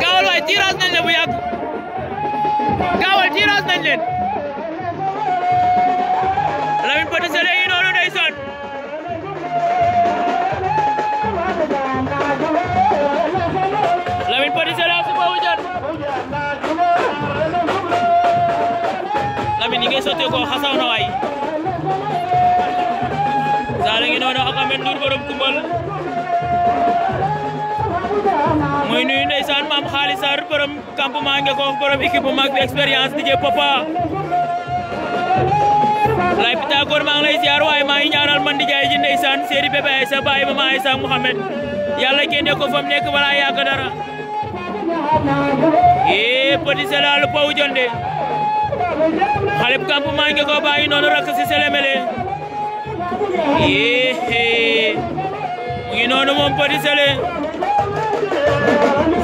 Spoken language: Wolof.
gaawal waay tirage nañ leen bu yàgg gaawal tirage nañ leen Lamine ko xasaw na waay Saalé ngi noonu ak Ameth Ndour borom Koumbal ndeysaan maam xaali Sarr borom campement Ngekoox borom équipe bu Papa lay Pythagore maa ngi lay maa ngi ñaanal man di jaay ji ndeysaan séeri bébé Aïssa baay mama Aïssa Mouhamed yàlla génne ko fa nekk balaa yàgg ee eh, Petit Sélal Paw Jonde xale bu campement Ngekoox noonu rakk si Sélémélé ee eh, eh. mu ngi noonu moom Petit